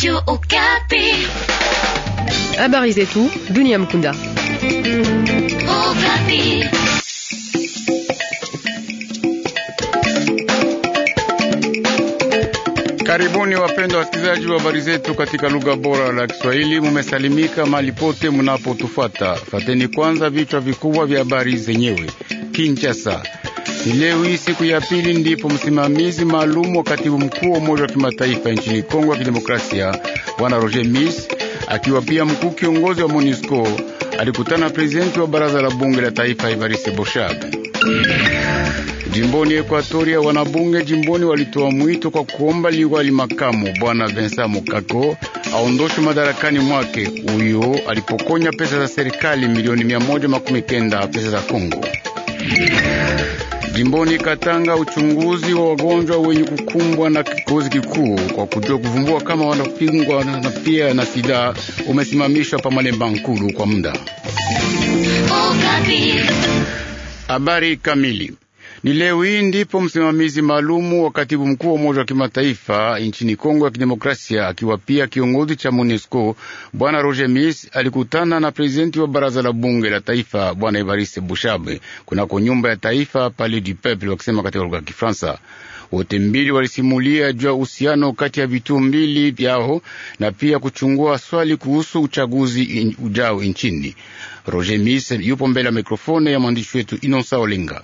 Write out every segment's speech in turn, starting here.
Radio Okapi. Habari zetu dunia mkunda. Okapi. Karibuni wapendwa wasikilizaji wa habari zetu katika lugha bora la Kiswahili, mumesalimika mali pote tufata Fateni kwanza vichwa vikubwa vya habari zenyewe. Kinshasa Leo hii siku ya pili ndipo msimamizi maalum wa katibu mkuu wa Umoja wa Kimataifa nchini Kongo ya Kidemokrasia, Bwana Roger Miss akiwa pia mkuu kiongozi wa MONUSCO alikutana na prezidenti wa baraza la bunge la taifa Evariste Boshab. Jimboni Ekwatoria, wanabunge jimboni walitoa mwito kwa kuomba liwali makamu Bwana Vincent Mukako aondoshwe madarakani mwake, huyo alipokonya pesa za serikali milioni mia moja makumi kenda pesa za Kongo. Jimboni Katanga, uchunguzi wa wagonjwa wenye kukumbwa na kikozi kikuu kwa kujua kuvumbua kama wanapingwa na pia na sida umesimamishwa pa Malemba Nkulu kwa muda. Oh, Habari kamili ni leo hii ndipo msimamizi maalumu wa katibu mkuu wa Umoja wa Kimataifa nchini Kongo ya Kidemokrasia, akiwa pia kiongozi cha MONUSCO bwana Roger mis alikutana na prezidenti wa baraza la bunge la taifa bwana Evariste Bushabe kunako nyumba ya taifa Palais du Peuple, wakisema katika lugha ya Kifaransa. Wote mbili walisimulia juu ya uhusiano kati ya vituo mbili vyao na pia kuchungua swali kuhusu uchaguzi ujao nchini. Roger mis yupo mbele ya mikrofone ya mwandishi wetu Inosa Olinga.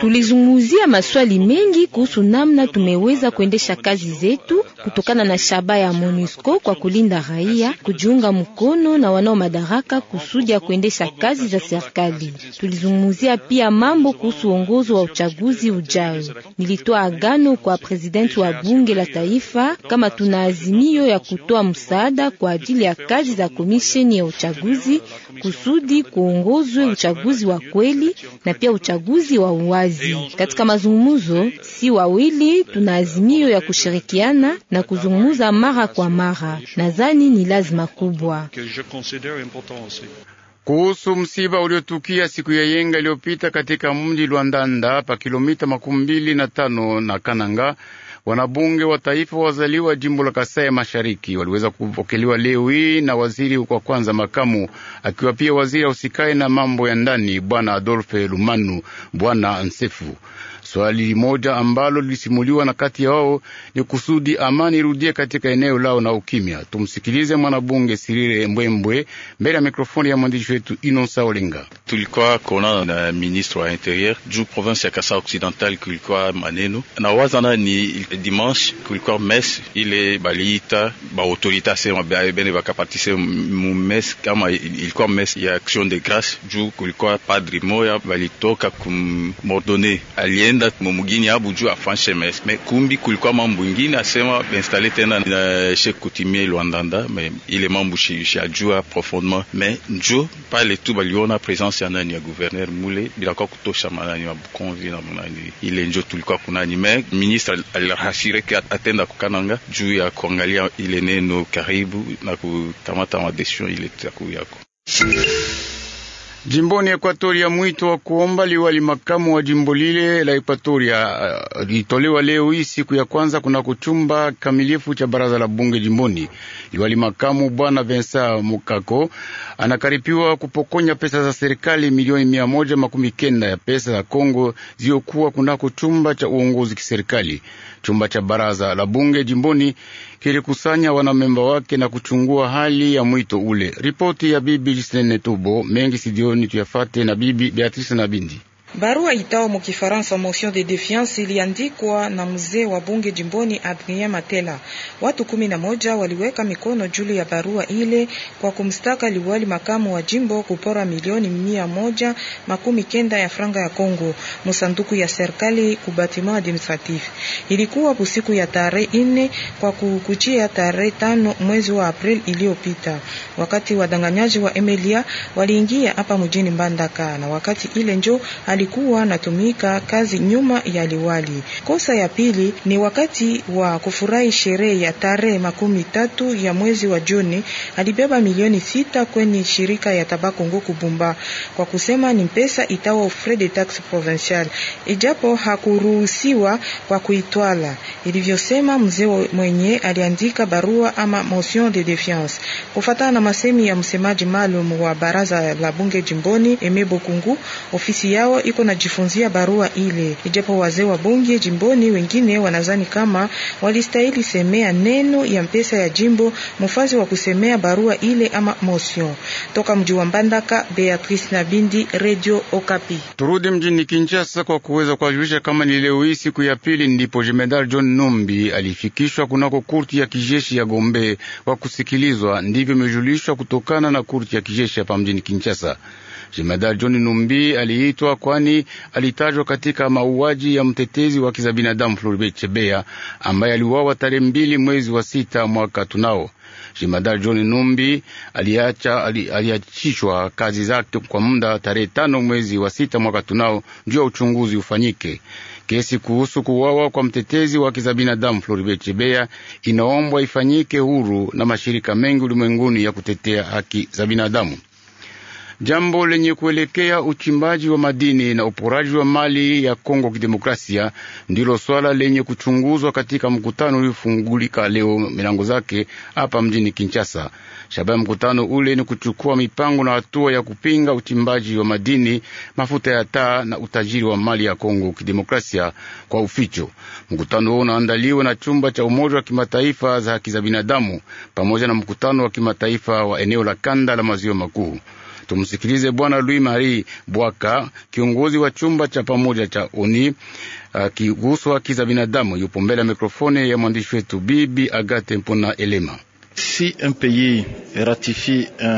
Tulizomuuzia maswali mengi kuhusu namna tumeweza kuendesha kazi zetu kutokana na shaba ya MONUSCO kwa kulinda raia, kujiunga mkono na wanao madaraka kusudi ya kuendesha kazi za serikali. Tulizungumzia pia mambo kuhusu uongozi wa uchaguzi ujao. Nilitoa agano kwa presidenti wa bunge la taifa kama tuna azimio ya kutoa msaada kwa ajili ya kazi za komisheni ya uchaguzi kusudi kuongozwe uchaguzi wa ukweli na pia uchaguzi wa uwazi. Katika mazungumzo si wawili, tuna azimio ya kushirikiana na kuzungumza mara kwa mara, nadhani ni lazima kubwa kuhusu msiba uliotukia siku ya yenga iliyopita katika mji Lwandanda pa kilomita makumi mbili na tano na Kananga Wanabunge wa taifa wazaliwa jimbo la Kasai Mashariki waliweza kupokelewa leo hii na waziri kwa kwanza makamu, akiwa pia waziri ausikae na mambo ya ndani, bwana Adolfe Lumanu, bwana Nsefu Swali moja ambalo lilisimuliwa na kati yao ni kusudi amani irudie katika eneo lao na ukimya. Tumsikilize mwanabunge Sirire Mbwembwe mbele ya mikrofoni ya mwandishi wetu inosa olinga Tulikuwa kona na ministre wa interieur juu province ya kasa Occidental, kulikuwa maneno na wazana ni dimanche, kulikuwa messe ile baliita ba asema bene bakapartise mu messe kama ilikuwa messe ya action de grâce juu kulikuwa padri moya balitoka kumordone alien anaenda mumugini juu afanshe mes me kumbi, kulikuwa mambo ingine asema installe tena na chef coutumier Luandanda, me ile mambo shajua profondement, me njo pale tu baliona presence ya nani ya gouverneur mule bila kwa kutosha manani ya Bukonvi na manani ile, njo tulikuwa kunani, me ministre alirashire ke atenda kukananga juu ya kuangalia ile neno karibu na kukamata ma decision ile takuyako Jimboni Ekwatoria, mwito wa kuomba liwali makamu wa jimbo lile la Ekwatoria uh, litolewa leo hii siku ya kwanza kuna kuchumba kamilifu cha baraza la bunge jimboni. Liwali makamu bwana Vensa Mukako anakaripiwa kupokonya pesa za serikali milioni mia moja makumi kenda ya pesa za Kongo ziokuwa kunako chumba cha uongozi kiserikali. Chumba cha baraza la bunge jimboni kilikusanya wanamemba wake na kuchungua hali ya mwito ule. Ripoti ya bibi Jisenene Tubo mengi sidioni tuyafate na bibi Beatrice na Bindi. Barua itao mu Kifaransa motion de defiance iliandikwa na mzee wa bunge jimboni Adrien Matela. Watu kumi na moja waliweka mikono juu ya barua ile kwa kumstaka liwali makamu wa jimbo kupora milioni mia moja makumi kenda ya franga ya Kongo msanduku ya serikali kubatima administratif. Ilikuwa usiku ya tarehe ine kwa kukuchia tarehe tano mwezi wa April iliyopita, wakati wadanganyaji wa Emilia waliingia hapa mjini Mbandaka na wakati ile njo ali alikuwa anatumika kazi nyuma ya liwali. Kosa ya pili ni wakati wa kufurahi sherehe ya tarehe makumi tatu ya mwezi wa Juni alibeba milioni sita kwenye shirika ya Tabakongo Kubumba, kwa kusema ni pesa itawa ofrede tax provincial, ijapo hakuruhusiwa kwa kuitwala, ilivyosema mzee mwenye aliandika barua ama motion de defiance, kufatana na masemi ya msemaji maalum wa baraza la bunge jimboni Emebo Kungu, ofisi yao ndipo najifunzia barua ile, ijapo wazee wa bunge jimboni wengine wanazani kama walistahili semea neno ya mpesa ya jimbo mfazi wa kusemea barua ile ama motion. Toka mji wa Mbandaka, Beatrice Nabindi, Radio Okapi. Turudi mjini Kinshasa kwa kuweza kujulisha kama ni leo hii siku ya pili ndipo Jemedar John Numbi alifikishwa kunako kurti ya kijeshi ya Gombe kwa kusikilizwa, ndivyo imejulishwa kutokana na kurti ya kijeshi hapa mjini Kinshasa. Jemadari John Numbi aliitwa kwani alitajwa katika mauaji ya mtetezi wa haki za binadamu Floribert Chebeya ambaye aliuawa tarehe mbili mwezi wa sita mwaka tunao. Jemadari John Numbi aliacha aliachishwa kazi zake kwa muda tarehe tano mwezi wa sita mwaka tunao juu ya uchunguzi ufanyike. Kesi kuhusu kuuawa kwa mtetezi wa haki za binadamu Floribert Chebeya inaombwa ifanyike huru na mashirika mengi ulimwenguni ya kutetea haki za binadamu jambo lenye kuelekea uchimbaji wa madini na uporaji wa mali ya Kongo Kidemokrasia ndilo swala lenye kuchunguzwa katika mkutano uliofungulika leo milango zake hapa mjini Kinshasa. Shabaha ya mkutano ule ni kuchukua mipango na hatua ya kupinga uchimbaji wa madini, mafuta ya taa na utajiri wa mali ya Kongo Kidemokrasia kwa uficho. Mkutano huo unaandaliwa na chumba cha Umoja wa Kimataifa za haki za binadamu pamoja na mkutano wa kimataifa wa eneo la kanda la maziwa makuu. Tumsikilize Bwana Louis Marie Bwaka, kiongozi wa chumba cha pamoja cha UNI akiguswa haki za binadamu. Yupo mbele ya mikrofoni ya mwandishi wetu Bibi Agate Mpona Elema.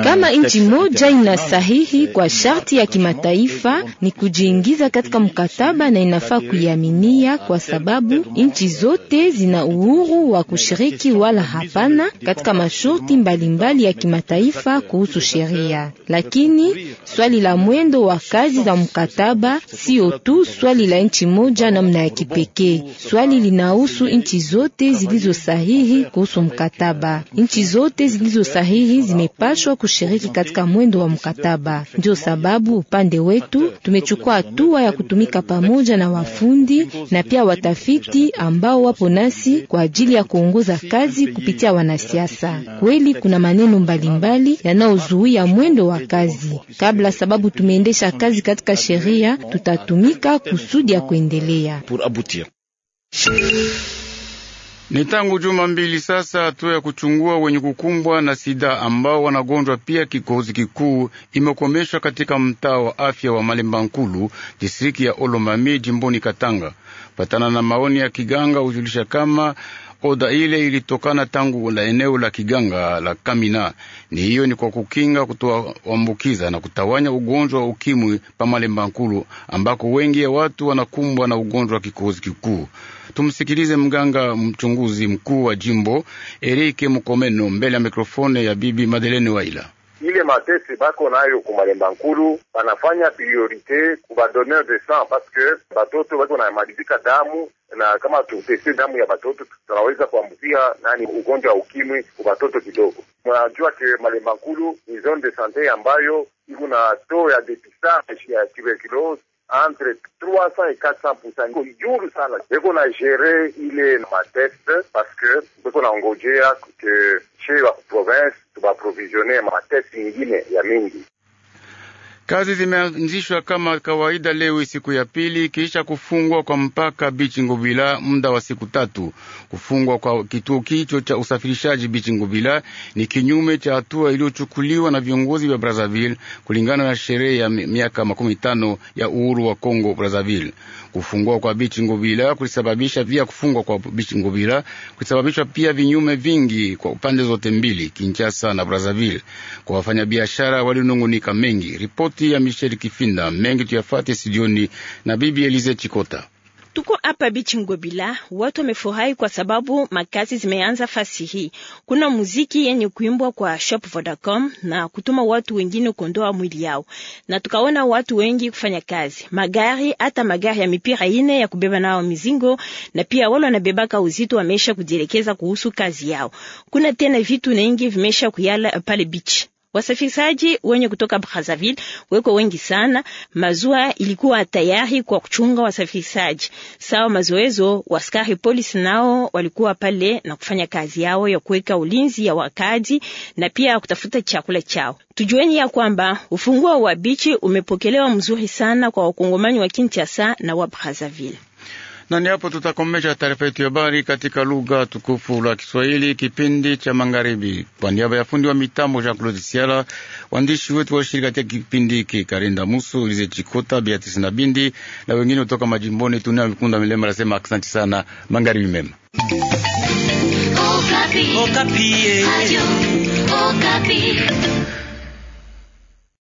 Kama nchi moja inasahihi kwa sharti ya kimataifa, ni kujiingiza katika mkataba na inafaa kuiaminia, kwa sababu nchi zote zina uhuru wa kushiriki wala hapana katika masharti mbalimbali ya kimataifa kuhusu sheria. Lakini swali la mwendo wa kazi za mkataba sio tu swali la nchi moja namna ya kipekee, swali linahusu nchi zote zilizosahihi kuhusu mkataba. Nchi zote zilizo sahihi zimepashwa kushiriki katika mwendo wa mkataba. Ndio sababu upande wetu tumechukua hatua ya kutumika pamoja na wafundi na pia watafiti ambao wapo nasi kwa ajili ya kuongoza kazi kupitia wanasiasa. Kweli kuna maneno mbalimbali yanayozuia mwendo wa kazi kabla, sababu tumeendesha kazi katika sheria, tutatumika kusudi ya kuendelea. Ni tangu juma mbili sasa, hatua ya kuchungua wenye kukumbwa na sida ambao wanagonjwa pia kikozi kikuu imekomeshwa katika mtaa wa afya wa Malemba Nkulu, distriki ya Olomami, jimboni Katanga, patana na maoni ya kiganga hujulisha kama oda ile ilitokana tangu la eneo la kiganga la Kamina. Ni hiyo ni kwa kukinga kutoambukiza na kutawanya ugonjwa wa ukimwi pa Malemba Nkulu, ambako wengi ya watu wanakumbwa na ugonjwa wa kikozi kikuu. Tumsikilize mganga mchunguzi mkuu wa jimbo Erike Mukomeno mbele ya mikrofone ya bibi madeleine Waila. Ile matese bako nayo kumalemba nkulu banafanya priorite kuba donneur de sang paske batoto bako namalizika damu na kama tutese damu ya batoto tunaweza kuambukia nani ugonjwa wa ukimwi kwa batoto kidogo. Unajua ke malemba nkulu ni zone de sante ambayo iko na to ya depistage ya tuberculose entre 300 et 400 Niko juru sana, beko na gere ile matete paske beko naongojea ke che wa province tubaprovizione matete ingine ya mingi Kazi zimeanzishwa kama kawaida leo siku ya pili kisha kufungwa kwa mpaka Bichi Ngubila muda wa siku tatu. Kufungwa kwa kituo kicho cha usafirishaji Bichi Ngubila ni kinyume cha hatua iliyochukuliwa na viongozi vya Brazzaville kulingana na sherehe ya miaka makumi tano ya uhuru wa Kongo Brazzaville. Kufungwa kwa Bichi Ngobila kulisababisha pia kufungwa kwa Bichi Ngobila kulisababisha pia vinyume vingi kwa upande zote mbili, Kinshasa na Brazzaville, kwa wafanyabiashara walinungunika mengi. Ripoti ya Michel Kifinda mengi tuyafate sijioni na Bibi Elize Chikota. Tuko hapa bichi Ngobila, watu wamefurahi kwa sababu makazi zimeanza fasi hii. Kuna muziki yenye kuimbwa kwa shop Vodacom na kutuma watu wengine kuondoa mwili yao, na tukaona watu wengi kufanya kazi, magari, hata magari ya mipira ine ya kubeba nao mizingo, na pia wale wanabebaka uzito wameisha kujielekeza kuhusu kazi yao. Kuna tena vitu vingi vimesha kuyala pale bichi Wasafirishaji wenye kutoka Brazzaville weko wengi sana. Mazua ilikuwa tayari kwa kuchunga wasafirishaji. Sawa mazoezo, waskari polisi nao walikuwa pale na kufanya kazi yao ya kuweka ulinzi ya wakazi na pia kutafuta chakula chao. Tujueni ya kwamba ufunguo wa bichi umepokelewa mzuri sana kwa wakongomani wa Kinshasa na wa Brazzaville. Na ni hapo tutakomesha taarifa yetu ya habari katika lugha tukufu la Kiswahili, kipindi cha magharibi. Kwa niaba ya fundi wa mitambo Jean Claude Siala, waandishi wetu walishiriki katika kipindi hiki Karinda Musu, Lize Chikota, Beatrice na Bindi na wengine kutoka majimboni. mikunda milema nasema asante sana, magharibi mema. Okapi. Okapi. Eh.